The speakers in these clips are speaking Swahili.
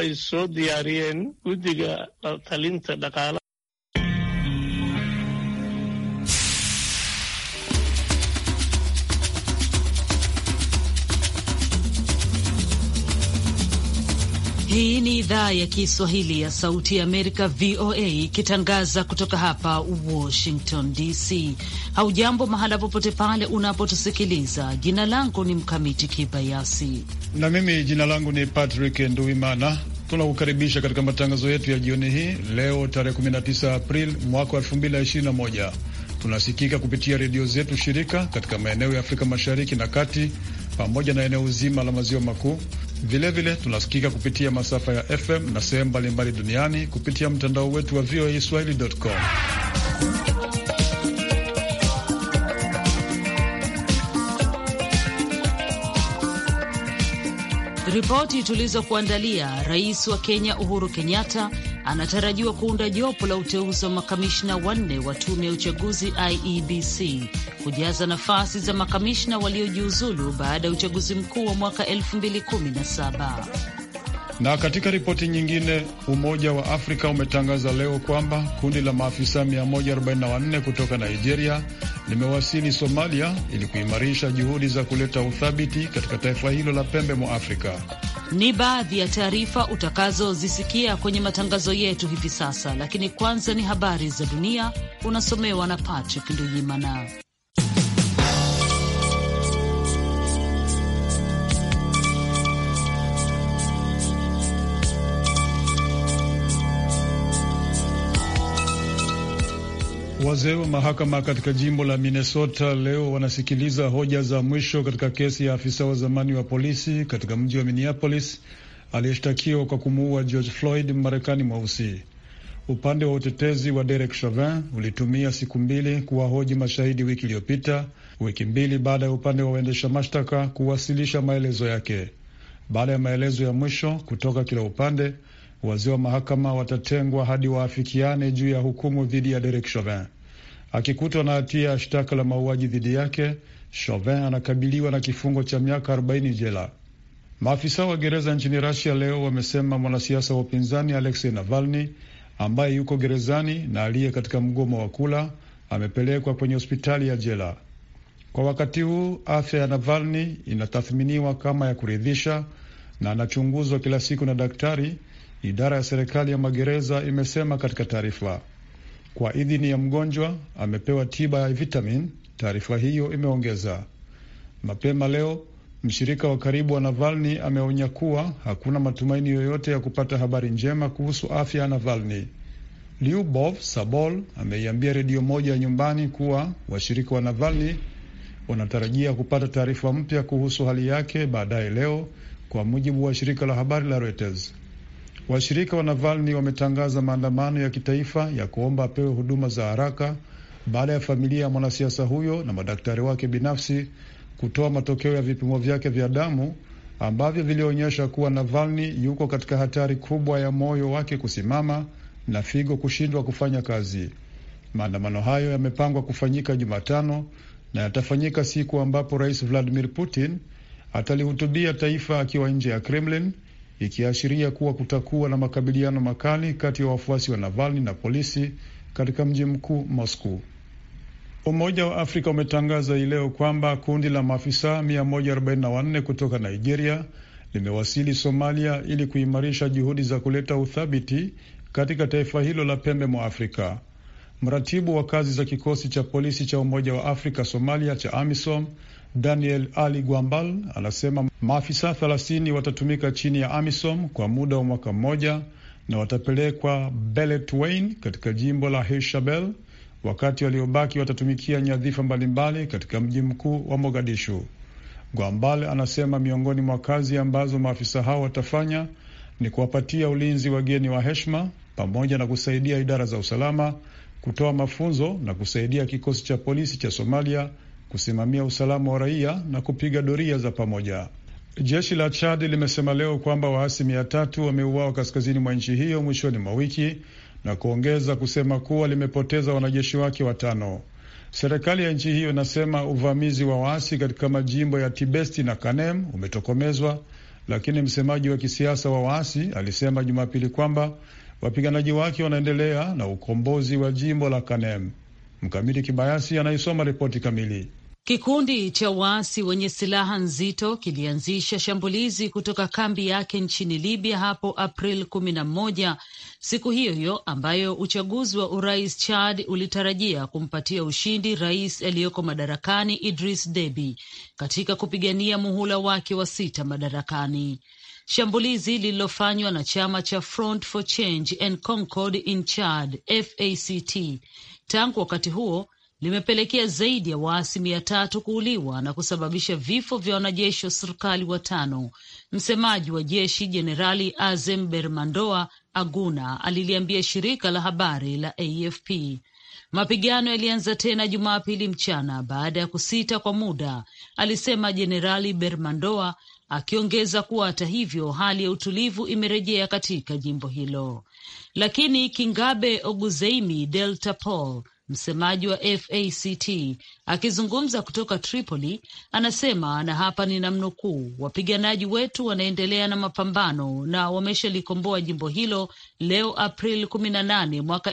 ay soo diyaariyeen guddiga talinta dhaqaala Hii ni idhaa ya Kiswahili ya Sauti ya Amerika, VOA, ikitangaza kutoka hapa Washington DC. Haujambo mahala popote pale unapotusikiliza. Jina langu ni Mkamiti Kibayasi na mimi jina langu ni Patrick Nduimana tunakukaribisha katika matangazo yetu ya jioni hii leo tarehe 19 Aprili mwaka wa 2021. Tunasikika kupitia redio zetu shirika katika maeneo ya Afrika mashariki na kati pamoja na eneo zima la maziwa makuu. Vilevile tunasikika kupitia masafa ya FM na sehemu mbalimbali duniani kupitia mtandao wetu wa VOA Swahili.com. Ripoti tulizokuandalia, rais wa Kenya Uhuru Kenyatta anatarajiwa kuunda jopo la uteuzi wa makamishna wanne wa tume ya uchaguzi IEBC kujaza nafasi za makamishna waliojiuzulu baada ya uchaguzi mkuu wa mwaka 2017. Na katika ripoti nyingine, Umoja wa Afrika umetangaza leo kwamba kundi la maafisa 144 kutoka Nigeria limewasili Somalia ili kuimarisha juhudi za kuleta uthabiti katika taifa hilo la pembe mwa Afrika. Ni baadhi ya taarifa utakazozisikia kwenye matangazo yetu hivi sasa, lakini kwanza ni habari za dunia unasomewa na Patrick Ndujimana. Wazee wa mahakama katika jimbo la Minnesota leo wanasikiliza hoja za mwisho katika kesi ya afisa wa zamani wa polisi katika mji wa Minneapolis aliyeshtakiwa kwa kumuua George Floyd, Marekani mweusi. Upande wa utetezi wa Derek Chauvin ulitumia siku mbili kuwahoji mashahidi wiki iliyopita, wiki mbili baada ya upande wa waendesha mashtaka kuwasilisha maelezo yake. Baada ya maelezo ya mwisho kutoka kila upande, wazee wa mahakama watatengwa hadi waafikiane juu ya hukumu dhidi ya Derek Chauvin. Akikutwa na hatia ya shtaka la mauaji dhidi yake, Chauvin anakabiliwa na kifungo cha miaka 40 jela. Maafisa wa gereza nchini Rasia leo wamesema mwanasiasa wa upinzani Aleksei Navalni ambaye yuko gerezani na aliye katika mgomo wa kula amepelekwa kwenye hospitali ya jela. Kwa wakati huu afya ya Navalni inatathminiwa kama ya kuridhisha na anachunguzwa kila siku na daktari, idara ya serikali ya magereza imesema katika taarifa kwa idhini ya mgonjwa amepewa tiba ya vitamin, taarifa hiyo imeongeza. Mapema leo mshirika wa karibu wa Navalni ameonya kuwa hakuna matumaini yoyote ya kupata habari njema kuhusu afya ya Navalni. Lyubov Sabol ameiambia redio moja ya nyumbani kuwa washirika wa Navalni wanatarajia kupata taarifa mpya kuhusu hali yake baadaye leo, kwa mujibu wa shirika la habari la Reuters. Washirika wa Navalny wametangaza maandamano ya kitaifa ya kuomba apewe huduma za haraka baada ya familia ya mwanasiasa huyo na madaktari wake binafsi kutoa matokeo ya vipimo vyake vya damu ambavyo vilionyesha kuwa Navalny yuko katika hatari kubwa ya moyo wake kusimama na figo kushindwa kufanya kazi. Maandamano hayo yamepangwa kufanyika Jumatano na yatafanyika siku ambapo Rais Vladimir Putin atalihutubia taifa akiwa nje ya Kremlin ikiashiria kuwa kutakuwa na makabiliano makali kati ya wafuasi wa Navalny na polisi katika mji mkuu Moscow. Umoja wa Afrika umetangaza hii leo kwamba kundi la maafisa 144 kutoka Nigeria limewasili Somalia ili kuimarisha juhudi za kuleta uthabiti katika taifa hilo la pembe mwa Afrika. Mratibu wa kazi za kikosi cha polisi cha Umoja wa Afrika Somalia cha AMISOM Daniel Ali Gwambal anasema maafisa 30 watatumika chini ya AMISOM kwa muda wa mwaka mmoja na watapelekwa Belet Wein katika jimbo la Hirshabelle, wakati waliobaki watatumikia nyadhifa mbalimbali katika mji mkuu wa Mogadishu. Gwambal anasema miongoni mwa kazi ambazo maafisa hao watafanya ni kuwapatia ulinzi wageni wa heshima pamoja na kusaidia idara za usalama kutoa mafunzo na kusaidia kikosi cha polisi cha Somalia kusimamia usalama wa raia na kupiga doria za pamoja. Jeshi la Chad limesema leo kwamba waasi mia tatu wameuawa kaskazini mwa nchi hiyo mwishoni mwa wiki na kuongeza kusema kuwa limepoteza wanajeshi wake watano. Serikali ya nchi hiyo inasema uvamizi wa waasi katika majimbo ya Tibesti na Kanem umetokomezwa, lakini msemaji wa kisiasa wa waasi alisema Jumapili kwamba wapiganaji wake wanaendelea na ukombozi wa jimbo la Kanem. Mkamiti Kibayasi anaisoma ripoti kamili. Kikundi cha waasi wenye silaha nzito kilianzisha shambulizi kutoka kambi yake nchini Libya hapo April kumi na moja, siku hiyo hiyo ambayo uchaguzi wa urais Chad ulitarajia kumpatia ushindi rais aliyoko madarakani Idris Deby katika kupigania muhula wake wa sita madarakani. Shambulizi lililofanywa na chama cha Front for Change and Concord in Chad, FACT, tangu wakati huo limepelekea zaidi ya waasi mia tatu kuuliwa na kusababisha vifo vya wanajeshi wa serikali watano. Msemaji wa jeshi Jenerali Azem Bermandoa Aguna aliliambia shirika la habari la AFP mapigano yalianza tena Jumapili mchana baada ya kusita kwa muda, alisema Jenerali Bermandoa, akiongeza kuwa hata hivyo hali ya utulivu imerejea katika jimbo hilo. Lakini Kingabe Oguzeimi Delta Paul Msemaji wa FACT akizungumza kutoka Tripoli anasema, na hapa ni namnukuu, wapiganaji wetu wanaendelea na mapambano na wameshalikomboa jimbo hilo leo Aprili 18 mwaka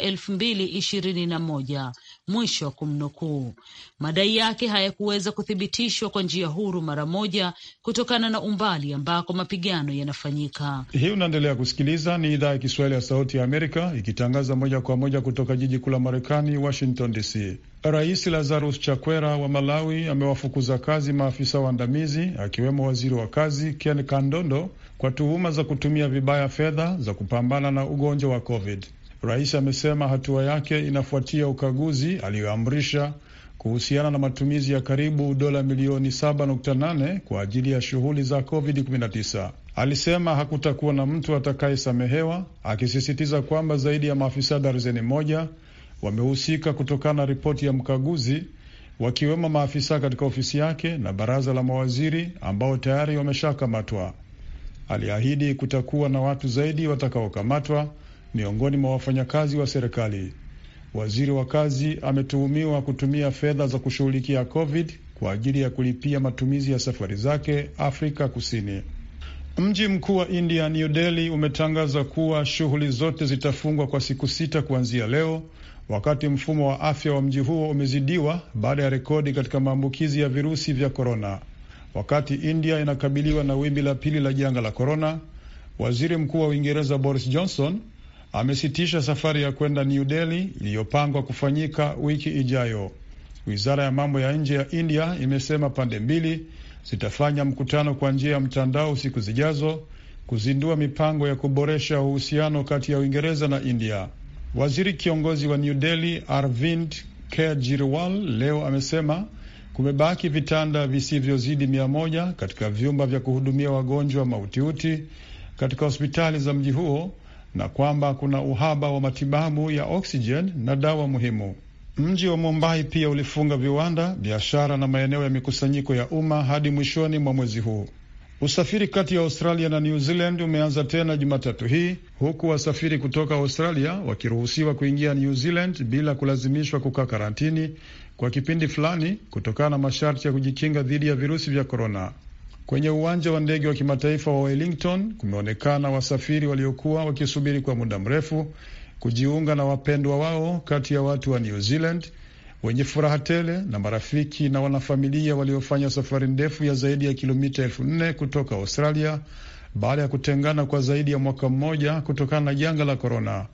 moja mwisho wa kumnukuu. Madai yake hayakuweza kuthibitishwa kwa njia huru mara moja kutokana na umbali ambako mapigano yanafanyika. Hii unaendelea kusikiliza, ni idhaa ya Kiswahili ya Sauti ya Amerika ikitangaza moja kwa moja kutoka jiji kuu la Marekani, Washington DC. Rais Lazarus Chakwera wa Malawi amewafukuza kazi maafisa waandamizi akiwemo waziri wa kazi Ken Kandondo kwa tuhuma za kutumia vibaya fedha za kupambana na ugonjwa wa COVID. Rais amesema hatua yake inafuatia ukaguzi aliyoamrisha kuhusiana na matumizi ya karibu dola milioni 7.8 kwa ajili ya shughuli za COVID-19. Alisema hakutakuwa na mtu atakayesamehewa, akisisitiza kwamba zaidi ya maafisa darzeni moja wamehusika kutokana na ripoti ya mkaguzi, wakiwemo maafisa katika ofisi yake na baraza la mawaziri ambao tayari wameshakamatwa. Aliahidi kutakuwa na watu zaidi watakaokamatwa miongoni mwa wafanyakazi wa serikali. Waziri wa kazi ametuhumiwa kutumia fedha za kushughulikia COVID kwa ajili ya kulipia matumizi ya safari zake Afrika Kusini. Mji mkuu wa India, New Delhi, umetangaza kuwa shughuli zote zitafungwa kwa siku sita kuanzia leo, wakati mfumo wa afya wa mji huo umezidiwa baada ya rekodi katika maambukizi ya virusi vya korona. Wakati India inakabiliwa na wimbi la pili la janga la korona, waziri mkuu wa Uingereza Boris Johnson amesitisha safari ya kwenda New Delhi iliyopangwa kufanyika wiki ijayo. Wizara ya mambo ya nje ya India imesema pande mbili zitafanya mkutano kwa njia ya mtandao siku zijazo kuzindua mipango ya kuboresha uhusiano kati ya Uingereza na India. Waziri kiongozi wa New Delhi Arvind Kejriwal leo amesema kumebaki vitanda visivyozidi mia moja katika vyumba vya kuhudumia wagonjwa mautiuti katika hospitali za mji huo na kwamba kuna uhaba wa matibabu ya oksijeni na dawa muhimu. Mji wa Mumbai pia ulifunga viwanda, biashara na maeneo ya mikusanyiko ya umma hadi mwishoni mwa mwezi huu. Usafiri kati ya Australia na New Zealand umeanza tena Jumatatu hii huku wasafiri kutoka Australia wakiruhusiwa kuingia New Zealand bila kulazimishwa kukaa karantini kwa kipindi fulani kutokana na masharti ya kujikinga dhidi ya virusi vya korona. Kwenye uwanja wa ndege wa kimataifa wa Wellington kumeonekana wasafiri waliokuwa wakisubiri kwa muda mrefu kujiunga na wapendwa wao, kati ya watu wa New Zealand wenye furaha tele na marafiki na wanafamilia waliofanya safari ndefu ya zaidi ya kilomita elfu nne kutoka Australia baada ya kutengana kwa zaidi ya mwaka mmoja kutokana na janga la korona.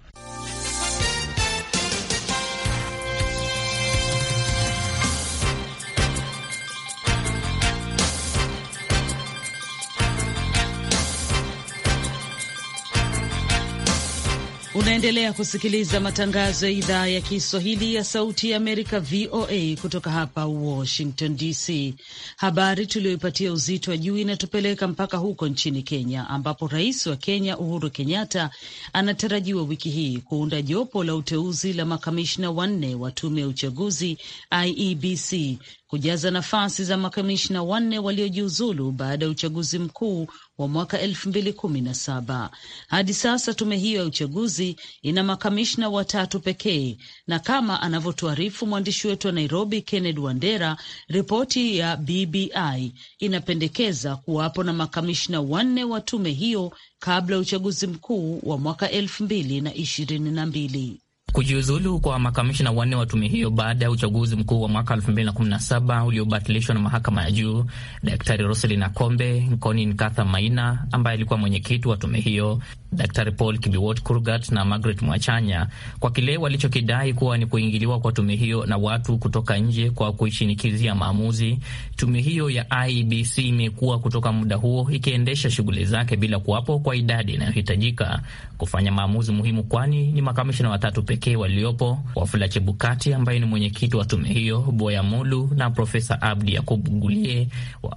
Unaendelea kusikiliza matangazo ya idhaa ya Kiswahili ya Sauti ya Amerika, VOA, kutoka hapa Washington DC. Habari tuliyoipatia uzito wa juu inatupeleka mpaka huko nchini Kenya, ambapo rais wa Kenya Uhuru Kenyatta anatarajiwa wiki hii kuunda jopo la uteuzi la makamishna wanne wa tume ya uchaguzi IEBC kujaza nafasi za makamishna wanne waliojiuzulu baada ya uchaguzi mkuu wa mwaka elfu mbili kumi na saba. Hadi sasa tume hiyo ya uchaguzi ina makamishna watatu pekee, na kama anavyotuarifu mwandishi wetu wa Nairobi kenned Wandera, ripoti ya BBI inapendekeza kuwapo na makamishna wanne wa tume hiyo kabla ya uchaguzi mkuu wa mwaka elfu mbili na ishirini na mbili. Kujiuzulu kwa makamishina wanne wa tume hiyo baada ya uchaguzi mkuu wa mwaka 2017 uliobatilishwa na mahakama ya juu, Daktari Roselyn Akombe, Conin Katha Maina ambaye alikuwa mwenyekiti wa tume hiyo, Daktari Paul Kibiwot Kurgat na Margaret Mwachanya kwa kile walichokidai kuwa ni kuingiliwa kwa tume hiyo na watu kutoka nje kwa kuishinikizia maamuzi. Tume hiyo ya IBC imekuwa kutoka muda huo ikiendesha shughuli zake bila kuwapo kwa idadi inayohitajika kufanya maamuzi muhimu, kwani ni makamishina watatu pekee pekee waliopo Wafula Chebukati ambaye ni mwenyekiti wa tume hiyo, Boya Mulu na Profesa Abdi Yakub Gulie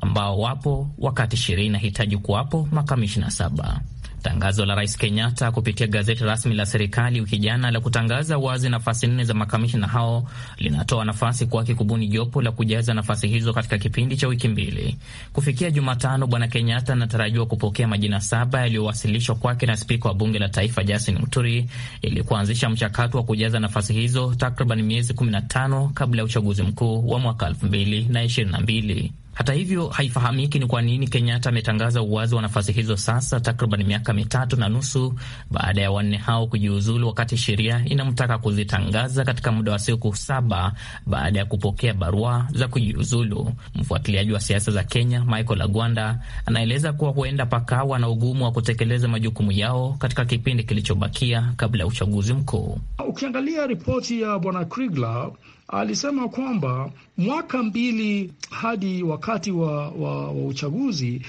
ambao wapo wakati sheria inahitaji kuwapo makamishina saba. Tangazo la Rais Kenyatta kupitia gazeti rasmi la serikali wiki jana la kutangaza wazi nafasi nne za makamishina hao linatoa nafasi kwake kubuni jopo la kujaza nafasi hizo katika kipindi cha wiki mbili. Kufikia Jumatano, Bwana Kenyatta anatarajiwa kupokea majina saba yaliyowasilishwa kwake na spika wa bunge la taifa Justin Muturi ili kuanzisha mchakato wa kujaza nafasi hizo takriban miezi 15 kabla ya uchaguzi mkuu wa mwaka 2022. Hata hivyo, haifahamiki ni kwa nini Kenyatta ametangaza uwazi wa nafasi hizo sasa, takriban miaka mitatu na nusu baada ya wanne hao kujiuzulu, wakati sheria inamtaka kuzitangaza katika muda wa siku saba baada ya kupokea barua za kujiuzulu. Mfuatiliaji wa siasa za Kenya Michael Agwanda anaeleza kuwa huenda pakawa na ugumu wa kutekeleza majukumu yao katika kipindi kilichobakia kabla ya uchaguzi mkuu. Ukiangalia ripoti ya bwana Krigla alisema kwamba mwaka mbili hadi wakati wa, wa, wa uchaguzi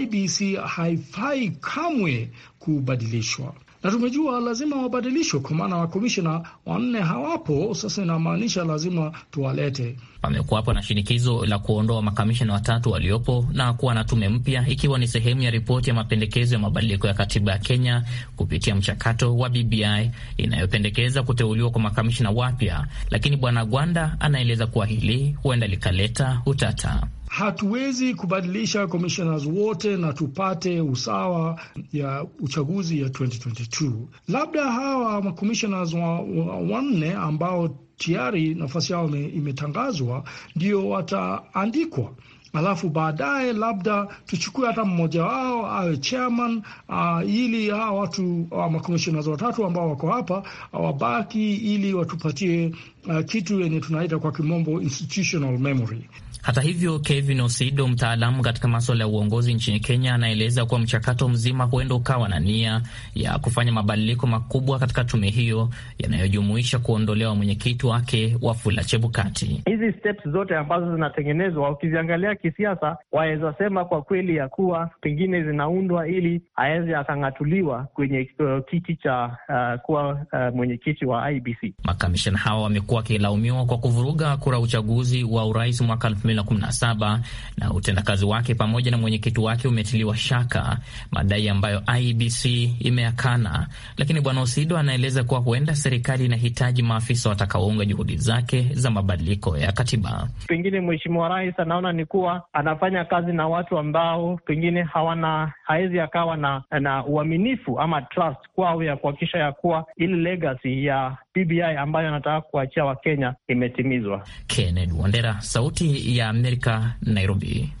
IBC haifai kamwe kubadilishwa na tumejua lazima wabadilishwe, kwa maana wakomishina wanne hawapo. Sasa inamaanisha lazima tuwalete. Pamekuwapo na shinikizo la kuondoa makamishina watatu waliopo na kuwa na tume mpya, ikiwa ni sehemu ya ripoti ya mapendekezo ya mabadiliko ya katiba ya Kenya kupitia mchakato wa BBI inayopendekeza kuteuliwa kwa makamishina wapya, lakini Bwana Gwanda anaeleza kuwa hili huenda likaleta utata hatuwezi kubadilisha commissioners wote na tupate usawa ya uchaguzi ya 2022. Labda hawa commissioners wanne wa, wanne ambao tayari nafasi yao imetangazwa ndio wataandikwa alafu baadaye labda tuchukue hata mmoja wao awe chairman uh, ili hawa watu ah, makomishona watatu ambao wako hapa ah, wabaki ili watupatie uh, kitu yenye tunaita kwa kimombo institutional memory. Hata hivyo, Kevin Osido, mtaalamu katika maswala ya uongozi nchini Kenya, anaeleza kuwa mchakato mzima huenda ukawa na nia ya kufanya mabadiliko makubwa katika tume hiyo yanayojumuisha kuondolewa mwenyekiti wake Wafula Chebukati. Hizi steps zote ambazo zinatengenezwa, ukiziangalia kisiasa, waweza sema kwa kweli ya kuwa pengine zinaundwa ili aweze akang'atuliwa kwenye uh, kiti cha uh, kuwa uh, mwenyekiti wa IBC. Makamishana hawa wamekuwa amekuwa akilaumiwa kwa kuvuruga kura uchaguzi wa urais mwaka 2017 na utendakazi wake pamoja na mwenyekiti wake umetiliwa shaka, madai ambayo IBC e imeakana. Lakini Bwana Osido anaeleza kuwa huenda serikali inahitaji maafisa watakaounga juhudi zake za mabadiliko ya katiba. Pengine mheshimiwa rais anaona ni kuwa anafanya kazi na watu ambao pengine hawana hawezi akawa na, na uaminifu ama trust kwao ya kuhakikisha ya kuwa ile legacy ya BBI ambayo anataka kuachia Wakenya imetimizwa. Kenneth Wandera, Sauti ya Amerika, Nairobi.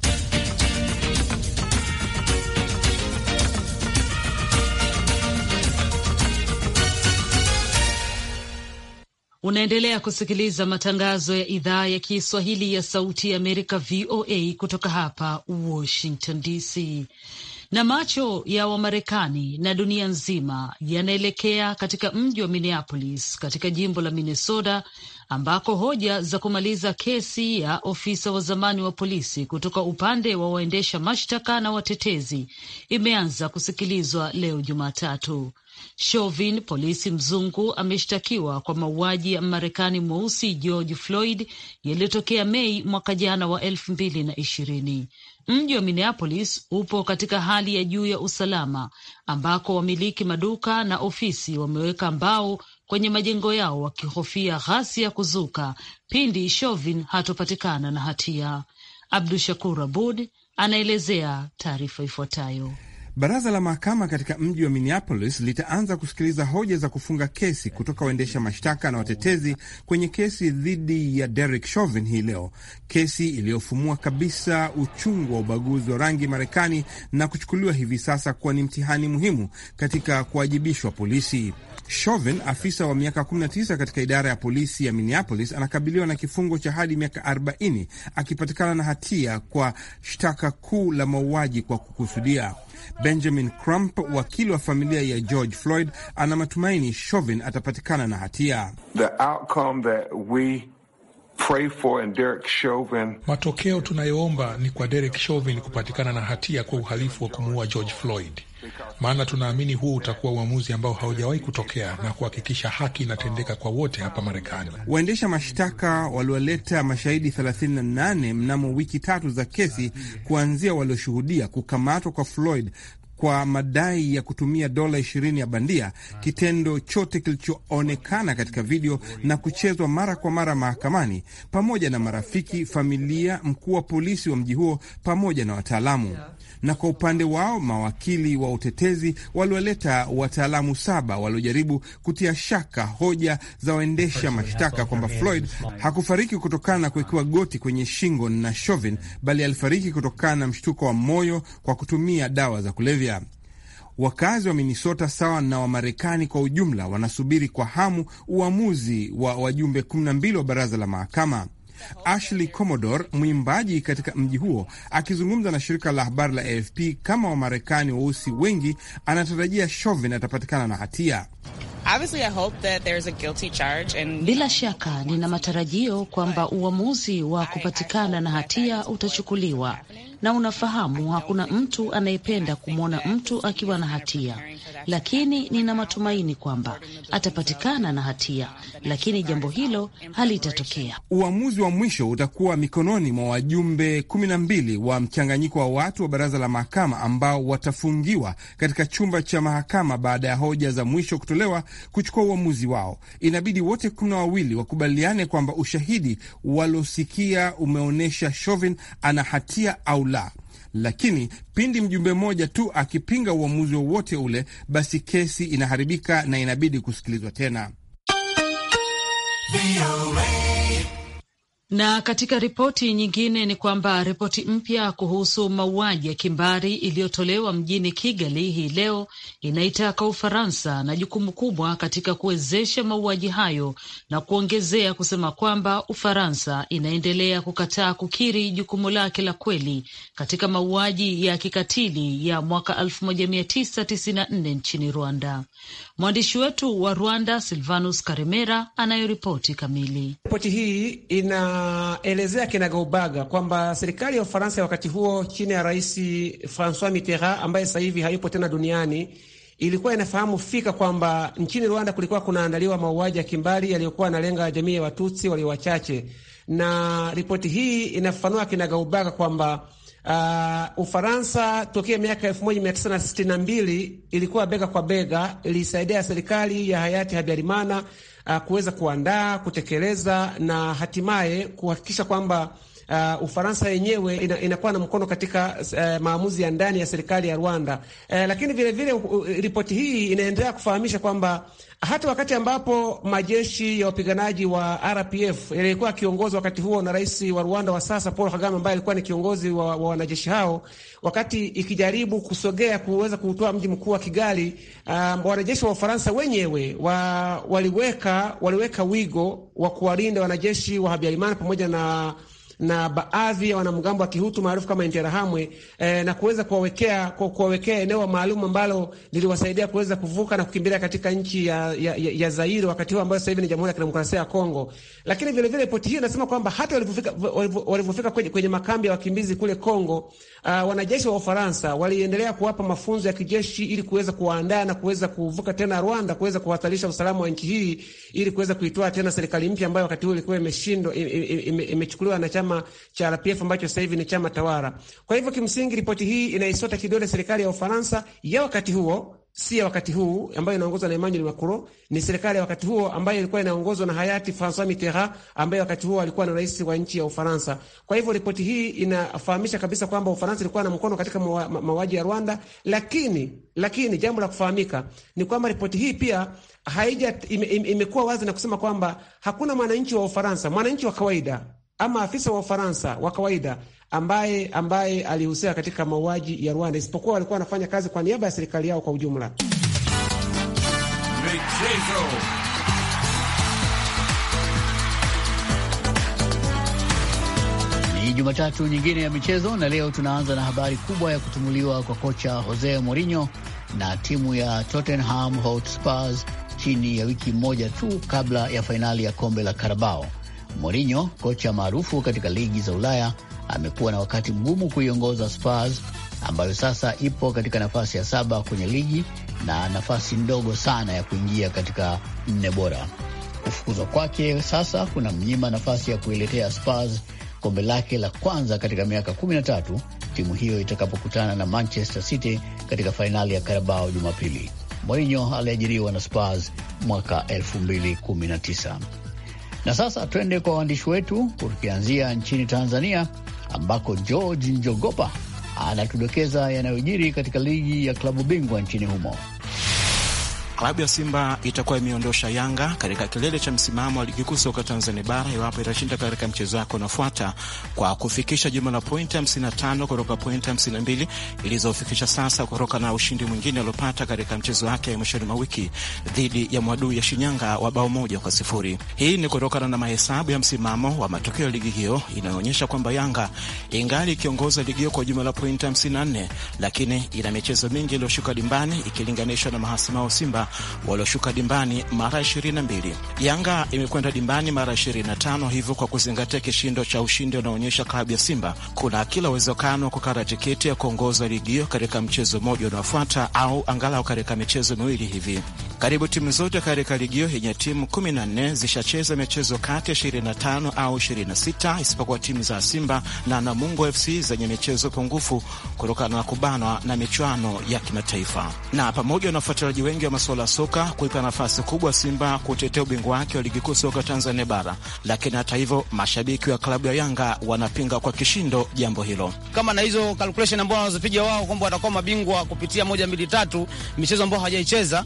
Unaendelea kusikiliza matangazo ya idhaa ya Kiswahili ya Sauti ya Amerika, VOA, kutoka hapa Washington DC na macho ya Wamarekani na dunia nzima yanaelekea katika mji wa Minneapolis katika jimbo la Minnesota, ambako hoja za kumaliza kesi ya ofisa wa zamani wa polisi kutoka upande wa waendesha mashtaka na watetezi imeanza kusikilizwa leo Jumatatu. Chauvin, polisi mzungu, ameshtakiwa kwa mauaji ya marekani mweusi George Floyd yaliyotokea Mei mwaka jana wa elfu mbili na ishirini. Mji wa Minneapolis upo katika hali ya juu ya usalama ambako wamiliki maduka na ofisi wameweka mbao kwenye majengo yao wakihofia ghasia kuzuka pindi Chauvin hatopatikana na hatia. Abdu Shakur Abud anaelezea taarifa ifuatayo. Baraza la mahakama katika mji wa Minneapolis litaanza kusikiliza hoja za kufunga kesi kutoka waendesha mashtaka na watetezi kwenye kesi dhidi ya Derek Chauvin hii leo, kesi iliyofumua kabisa uchungu wa ubaguzi wa rangi Marekani na kuchukuliwa hivi sasa kuwa ni mtihani muhimu katika kuwajibishwa polisi. Chauvin, afisa wa miaka 19 katika idara ya polisi ya Minneapolis, anakabiliwa na kifungo cha hadi miaka 40 akipatikana na hatia kwa shtaka kuu la mauaji kwa kukusudia. Benjamin Crump, wakili wa familia ya George Floyd, ana matumaini Chauvin atapatikana na hatia. The outcome that we pray for in Derek Chauvin. Matokeo tunayoomba ni kwa Derek Chauvin kupatikana na hatia kwa uhalifu wa kumuua George Floyd maana tunaamini huu utakuwa uamuzi ambao haujawahi kutokea na kuhakikisha haki inatendeka kwa wote hapa Marekani. Waendesha mashtaka walioleta mashahidi 38 mnamo wiki tatu za kesi kuanzia walioshuhudia kukamatwa kwa Floyd kwa madai ya kutumia dola ishirini ya bandia, kitendo chote kilichoonekana katika video na kuchezwa mara kwa mara mahakamani, pamoja na marafiki, familia, mkuu wa polisi wa mji huo pamoja na wataalamu. Na kwa upande wao mawakili wa utetezi walioleta wataalamu saba waliojaribu kutia shaka hoja za waendesha mashtaka kwamba Floyd hakufariki kutokana na kuwekewa goti kwenye shingo na Chauvin, bali alifariki kutokana na mshtuko wa moyo kwa kutumia dawa za kulevya. Syria. Wakazi wa Minnesota sawa na Wamarekani kwa ujumla wanasubiri kwa hamu uamuzi wa wajumbe 12 wa baraza la mahakama. Ashley Commodore, mwimbaji katika mji huo, akizungumza na shirika la habari la AFP kama Wamarekani weusi wengi, anatarajia Chauvin atapatikana na hatia. Bila shaka nina matarajio kwamba uamuzi wa kupatikana na hatia utachukuliwa na unafahamu hakuna mtu anayependa kumwona mtu akiwa na hatia, lakini nina matumaini kwamba atapatikana na hatia, lakini jambo hilo halitatokea. Uamuzi wa mwisho utakuwa mikononi mwa wajumbe kumi na mbili wa mchanganyiko wa watu wa baraza la mahakama ambao watafungiwa katika chumba cha mahakama baada ya hoja za mwisho kutolewa kuchukua uamuzi wao. Inabidi wote kumi na wawili wakubaliane kwamba ushahidi walosikia umeonyesha Chauvin ana hatia au la. Lakini pindi mjumbe mmoja tu akipinga uamuzi wowote ule, basi kesi inaharibika na inabidi kusikilizwa tena. Na katika ripoti nyingine ni kwamba ripoti mpya kuhusu mauaji ya kimbari iliyotolewa mjini Kigali hii leo inaitaka Ufaransa na jukumu kubwa katika kuwezesha mauaji hayo na kuongezea kusema kwamba Ufaransa inaendelea kukataa kukiri jukumu lake la kweli katika mauaji ya kikatili ya mwaka 1994 nchini Rwanda. Mwandishi wetu wa Rwanda Silvanus Karemera anayoripoti kamili. Ripoti hii ina anaelezea kinagaubaga kwamba serikali ya Ufaransa ya wakati huo chini ya Rais Francois Mitterrand ambaye sasa hivi hayupo tena duniani ilikuwa inafahamu fika kwamba nchini Rwanda kulikuwa kunaandaliwa mauaji ya kimbali yaliyokuwa analenga jamii ya Watutsi walio wachache, na ripoti hii inafafanua kinagaubaga kwamba Uh, Ufaransa tokea miaka 1962 ilikuwa bega kwa bega, ilisaidia serikali ya hayati Habyarimana Uh, kuweza kuandaa, kutekeleza na hatimaye kuhakikisha kwamba uh, Ufaransa yenyewe ina, inakuwa na mkono katika uh, maamuzi ya ndani ya serikali ya Rwanda. Uh, lakini vilevile uh, ripoti hii inaendelea kufahamisha kwamba hata wakati ambapo majeshi ya wapiganaji wa RPF yalikuwa akiongozwa wakati huo na rais wa Rwanda wa sasa Paul Kagame, ambaye alikuwa ni kiongozi wa, wa wanajeshi hao, wakati ikijaribu kusogea kuweza kuutoa mji mkuu wa Kigali, um, wanajeshi wa Ufaransa wenyewe wa, waliweka, waliweka wigo wa kuwalinda wanajeshi wa Habyarimana pamoja na na baadhi ya wanamgambo wa kihutu maarufu kama Interahamwe eh, na kuweza kuwawekea kuwawekea eneo maalum ambalo liliwasaidia kuweza kuvuka na kukimbilia katika nchi ya, ya, ya ya Zaire wakati huo ambayo sasa hivi ni Jamhuri ya Kidemokrasia ya Kongo. Lakini vilevile ripoti hiyo inasema kwamba hata walivyofika kwenye, kwenye makambi ya wakimbizi kule Kongo, uh, wanajeshi wa Ufaransa waliendelea kuwapa mafunzo ya kijeshi ili kuweza kuwaandaa na kuweza kuvuka tena Rwanda kuweza kuhatarisha usalama wa nchi hii ili kuweza kuitoa tena serikali mpya ambayo wakati huo ilikuwa imeshindwa imechukuliwa na chama chama cha RPF ambacho sasa hivi ni chama tawala. Kwa hivyo kimsingi ripoti hii inaisota kidole serikali ya Ufaransa ya wakati huo si ya wakati huu ambayo inaongozwa na Emmanuel Macron. Ni serikali ya wakati huo ambayo ilikuwa inaongozwa na hayati Francois Mitterrand ambaye wakati huo alikuwa na rais wa nchi ya Ufaransa. Kwa hivyo ripoti hii inafahamisha kabisa kwamba Ufaransa ilikuwa na mkono katika mauaji ya Rwanda, lakini lakini jambo la kufahamika ni kwamba ripoti hii pia haija, imekuwa ime, ime wazi na kusema kwamba hakuna mwananchi wa Ufaransa, mwananchi wa kawaida ama afisa wa Ufaransa wa kawaida ambaye ambaye alihusika katika mauaji ya Rwanda, isipokuwa walikuwa wanafanya kazi kwa niaba ya serikali yao kwa ujumla. Michezo. Ni Jumatatu nyingine ya michezo na leo tunaanza na habari kubwa ya kutumuliwa kwa kocha Jose Mourinho na timu ya Tottenham Hotspurs chini ya wiki moja tu kabla ya fainali ya kombe la Karabao. Mourinho, kocha maarufu katika ligi za Ulaya, amekuwa na wakati mgumu kuiongoza Spurs ambayo sasa ipo katika nafasi ya saba kwenye ligi na nafasi ndogo sana ya kuingia katika nne bora. Kufukuzwa kwake sasa kuna mnyima nafasi ya kuiletea Spurs kombe lake la kwanza katika miaka 13 timu hiyo itakapokutana na Manchester City katika fainali ya Karabao Jumapili. Mourinho aliajiriwa na Spurs mwaka 2019. Na sasa twende kwa waandishi wetu, tukianzia nchini Tanzania ambako George Njogopa anatudokeza yanayojiri katika ligi ya klabu bingwa nchini humo. Klabu ya Simba itakuwa imeondosha Yanga katika kilele cha msimamo wa ligi kuu soka Tanzania bara iwapo itashinda katika mchezo wake unaofuata kwa kufikisha jumla la pointi 55 kutoka pointi 52 ilizofikisha sasa kutokana na ushindi mwingine aliopata katika mchezo wake mwishoni mwa wiki dhidi ya mwadui ya Shinyanga wa bao moja kwa sifuri. Hii ni kutokana na mahesabu ya msimamo wa matokeo ya ligi hiyo inayoonyesha kwamba Yanga ingali ikiongoza ligi hiyo kwa jumla la pointi 54, lakini ina michezo mingi iliyoshuka dimbani ikilinganishwa na mahasimao Simba walioshuka dimbani mara 22. Yanga imekwenda dimbani mara 25, hivyo kwa kuzingatia kishindo cha ushindi unaoonyesha klabu ya Simba, kuna kila uwezekano wa kukata tiketi ya kuongoza ligio katika mchezo mmoja unaofuata au angalau katika michezo miwili hivi. Karibu timu zote katika ligio yenye timu 14 zishacheza michezo kati ya 25 au 26 isipokuwa timu za Simba na Namungo FC zenye michezo pungufu kutokana na kubanwa na michuano ya kimataifa. Na pamoja na wafuatiliaji wengi wa masuala ya soka kuipa nafasi kubwa Simba kutetea ubingwa wake wa ligi kuu soka Tanzania Bara, lakini hata hivyo mashabiki wa klabu ya Yanga wanapinga kwa kishindo jambo hilo, kama na hizo calculation ambao wanazopiga wao kwamba watakuwa mabingwa kupitia moja mbili tatu michezo ambao hawajaicheza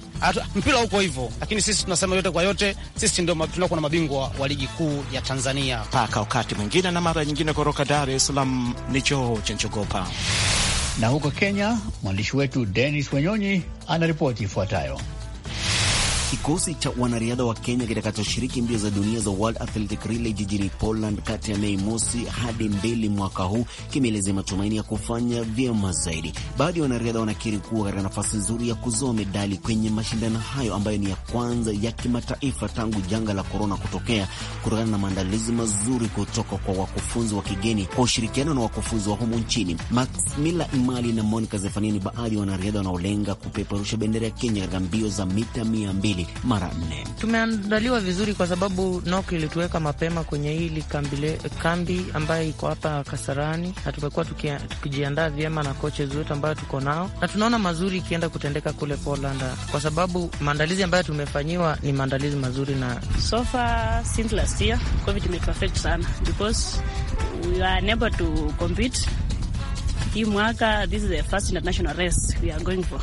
mpira huko hivyo, lakini sisi tunasema yote kwa yote, sisi ndio tunakuwa na mabingwa wa ligi kuu ya Tanzania. Mpaka wakati mwingine na mara nyingine, kutoka Dar es Salaam ni choo Njogopa. Na huko Kenya, mwandishi wetu Dennis Wenyonyi anaripoti ifuatayo. Kikosi cha wanariadha wa Kenya kitakachoshiriki mbio za dunia za World Athletic Relay jijini Poland kati ya Mei mosi hadi mbili mwaka huu kimeelezea matumaini ya kufanya vyema zaidi. Baadhi ya wanariadha wanakiri kuwa katika nafasi nzuri ya kuzoa medali kwenye mashindano hayo ambayo ni ya kwanza ya kimataifa tangu janga la korona kutokea, kutokana na maandalizi mazuri kutoka kwa wakufunzi wa kigeni kwa ushirikiano na wakufunzi wa humu nchini. Max Mila Imali na Monica Zefania ni baadhi ya wanariadha wanaolenga kupeperusha bendera ya Kenya katika mbio za mita mia mbili mbili mara nne. Tumeandaliwa vizuri kwa sababu NOK ilituweka mapema kwenye hili kambi ambayo iko hapa Kasarani, na tumekuwa tukijiandaa vyema na coaches wetu ambayo tuko nao, na tunaona mazuri ikienda kutendeka kule Poland, kwa sababu maandalizi ambayo tumefanyiwa ni maandalizi mazuri na so far since last year COVID imetuaffect sana because we are unable to compete hii mwaka. This is the first international race we are going for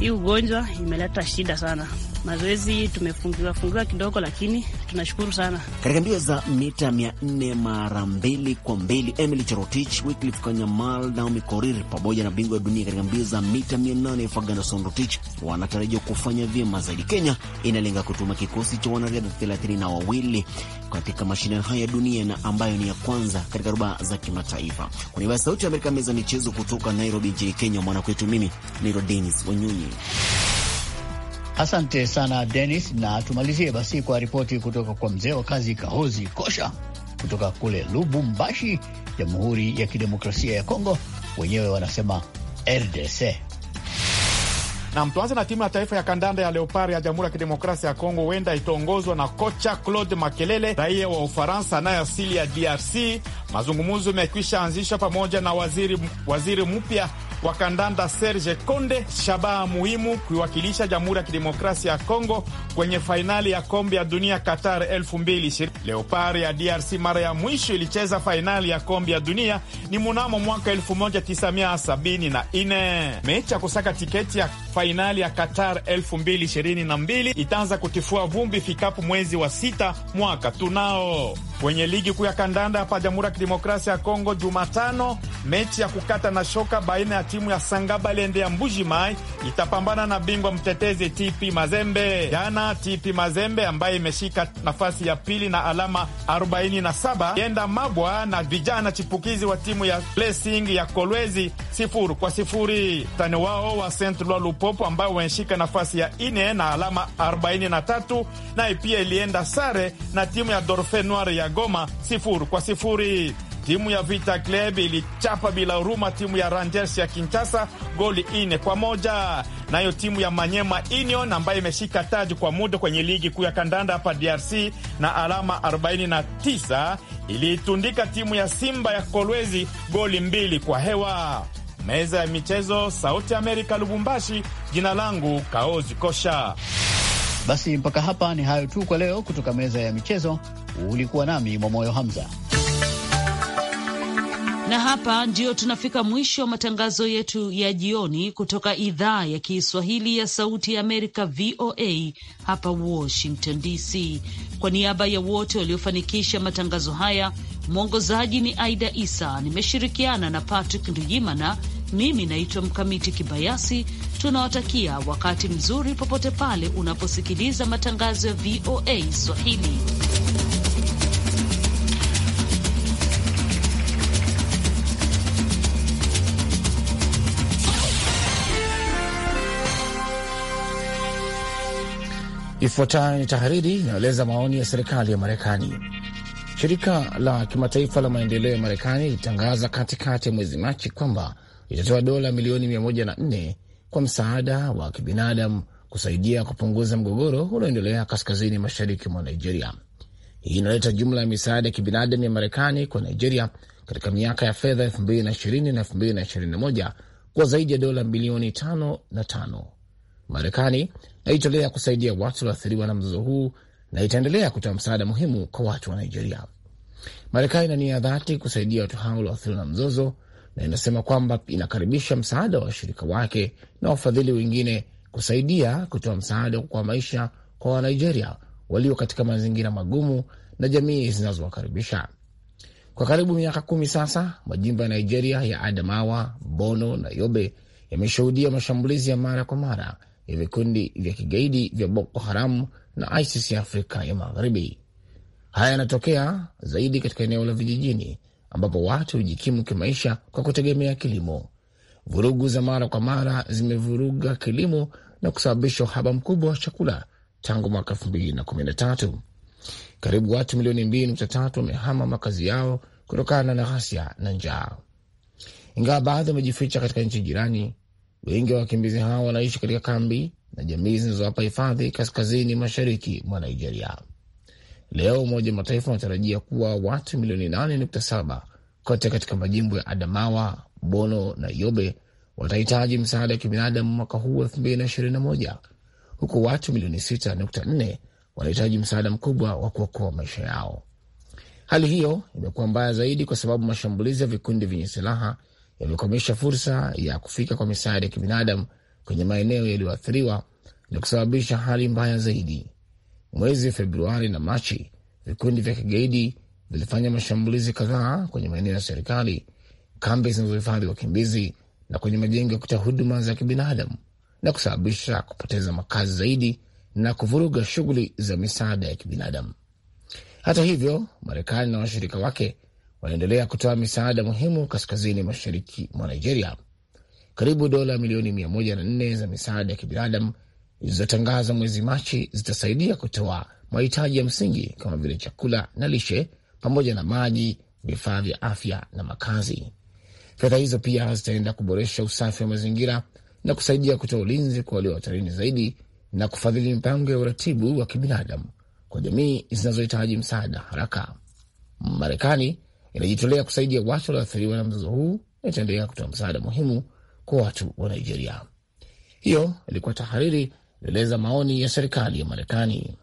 hii ugonjwa imeleta shida sana mazoezi tumefungiwa fungiwa kidogo, lakini tunashukuru sana. Katika mbio za mita mia nne mara mbili kwa mbili, Emily Cherotich, Wycliffe Kanyamal, Naomi Korir pamoja na bingwa ya dunia katika mbio za mita mia nane Fagana Rotich wanatarajiwa kufanya vyema zaidi. Kenya inalenga kutuma kikosi cha wanariadha thelathini na wawili katika mashindano haya ya dunia na ambayo ni ya kwanza katika ruba za kimataifa. Kwa niaba ya Sauti ya Amerika, meza michezo kutoka Nairobi nchini Kenya, mwanakwetu mimi Niro Denis Wanyonyi. Asante sana Denis, na tumalizie basi kwa ripoti kutoka kwa mzee wa kazi Kahozi Kosha kutoka kule Lubumbashi, Jamhuri ya, ya Kidemokrasia ya Kongo. Wenyewe wanasema RDC. Nam, tuanze na timu ya taifa ya kandanda ya Leopard ya Jamhuri ya Kidemokrasia ya Kongo huenda itaongozwa na kocha Claude Makelele, raia wa Ufaransa anaye asili ya DRC Mazungumzo yamekwisha anzishwa pamoja na waziri, waziri mpya wa kandanda Serge Konde, shabaha muhimu kuiwakilisha Jamhuri ya Kidemokrasia ya Kongo kwenye fainali ya kombe ya dunia Qatar 2020. Leopard ya DRC mara ya mwisho ilicheza fainali ya kombe ya dunia ni mnamo mwaka 1974. Mechi ya kusaka tiketi ya fainali ya Qatar 2022 itaanza kutifua vumbi fikapo mwezi wa sita mwaka tunao Kwenye ligi kuu ya kandanda hapa Jamhuri ya Kidemokrasia ya Kongo, Jumatano mechi ya kukata na shoka baina ya timu ya Sangabalende ya Mbuji Mai itapambana na bingwa mtetezi TP Mazembe. Jana TP Mazembe ambaye imeshika nafasi ya pili na alama 47 yenda mabwa na vijana chipukizi wa timu ya Blessing ya Kolwezi sifuri kwa sifuri. Tani wao wa Saint Eloi Lupopo ambayo wameshika nafasi ya ine na alama 43 naye pia ilienda sare na timu ya Dorfe Noir ya ya Goma sifuri kwa sifuri. Timu ya Vita Club ilichapa bila huruma timu ya Rangers ya Kinshasa goli ine kwa moja. Nayo timu ya Manyema Union ambayo imeshika taji kwa muda kwenye ligi kuu ya kandanda hapa DRC na alama 49 iliitundika timu ya Simba ya Kolwezi goli mbili kwa hewa. Meza ya michezo, Sauti Amerika, Lubumbashi. Jina langu Kaozi Kosha. Basi mpaka hapa ni hayo tu kwa leo kutoka meza ya michezo. Ulikuwa nami Mwamoyo Hamza na hapa ndio tunafika mwisho wa matangazo yetu ya jioni kutoka idhaa ya Kiswahili ya Sauti ya Amerika, VOA hapa Washington DC. Kwa niaba ya wote waliofanikisha matangazo haya, mwongozaji ni Aida Isa, nimeshirikiana na Patrick nduyimana Mimi naitwa Mkamiti Kibayasi. Tunawatakia wakati mzuri popote pale unaposikiliza matangazo ya VOA Swahili. Ifuatayo ni tahariri inayoeleza maoni ya serikali ya Marekani. Shirika la kimataifa la maendeleo ya Marekani lilitangaza katikati ya mwezi Machi kwamba litatoa dola milioni 104 kwa msaada wa kibinadamu kusaidia kupunguza mgogoro unaoendelea kaskazini mashariki mwa Nigeria. Hii inaleta jumla ya misaada ya kibinadamu ya Marekani kwa Nigeria katika miaka ya fedha 2020 na 2021 kwa zaidi ya dola bilioni 5 na Marekani naijitolea kusaidia watu walioathiriwa na mzozo huu na itaendelea kutoa msaada muhimu kwa watu wa Nigeria. Marekani ina nia dhati kusaidia watu hao walioathiriwa na mzozo na inasema kwamba inakaribisha msaada wa washirika wake na wafadhili wengine kusaidia kutoa msaada kwa maisha kwa Wanigeria walio katika mazingira magumu na jamii zinazowakaribisha. Kwa karibu miaka kumi sasa, majimbo ya Nigeria ya Adamawa, Bono na Yobe yameshuhudia mashambulizi ya mara kwa mara ya vikundi vya kigaidi vya Boko Haram na ISIS ya Afrika ya Magharibi. Haya yanatokea zaidi katika eneo la vijijini ambapo watu hujikimu kimaisha kwa kutegemea kilimo. Vurugu za mara kwa mara zimevuruga kilimo na kusababisha uhaba mkubwa wa chakula tangu mwaka elfu mbili na kumi na tatu. Karibu watu milioni mbili nukta tatu wamehama makazi yao kutokana na ghasia na njaa. Ingawa baadhi wamejificha katika nchi jirani, Wengi wa wakimbizi hao wanaishi katika kambi na jamii zinazowapa hifadhi kaskazini mashariki mwa Nigeria. Leo Umoja wa Mataifa wanatarajia kuwa watu milioni 8.7 kote katika majimbo ya Adamawa, Bono na Yobe watahitaji msaada wa kibinadamu mwaka huu 2021 huku watu milioni 6.4 wanahitaji msaada mkubwa wa kuokoa maisha yao. Hali hiyo imekuwa mbaya zaidi kwa sababu mashambulizi ya vikundi vyenye silaha yamekwamisha fursa ya kufika kwa misaada ya kibinadamu kwenye maeneo yaliyoathiriwa na kusababisha hali mbaya zaidi. Mwezi Februari na Machi, vikundi vya kigaidi vilifanya mashambulizi kadhaa kwenye maeneo ya serikali, kambi zinazohifadhi wakimbizi na kwenye majengo ya kutoa huduma za kibinadamu na kusababisha kupoteza makazi zaidi na kuvuruga shughuli za misaada ya kibinadamu. Hata hivyo, Marekani na washirika wake wanaendelea kutoa misaada muhimu kaskazini mashariki mwa Nigeria. Karibu dola milioni nne za misaada ya kibinadamu zilizotangazwa mwezi Machi zitasaidia kutoa mahitaji ya msingi kama vile chakula na lishe pamoja na maji, vifaa vya afya na makazi. Fedha hizo pia zitaenda kuboresha usafi wa mazingira na kusaidia kutoa ulinzi kwa walio hatarini zaidi na kufadhili mipango ya uratibu wa kibinadamu kwa jamii zinazohitaji msaada haraka. Marekani inajitolea kusaidia watu walioathiriwa na mzozo huu na itaendelea kutoa msaada muhimu kwa watu wa Nigeria. Hiyo ilikuwa tahariri, ilieleza maoni ya serikali ya Marekani.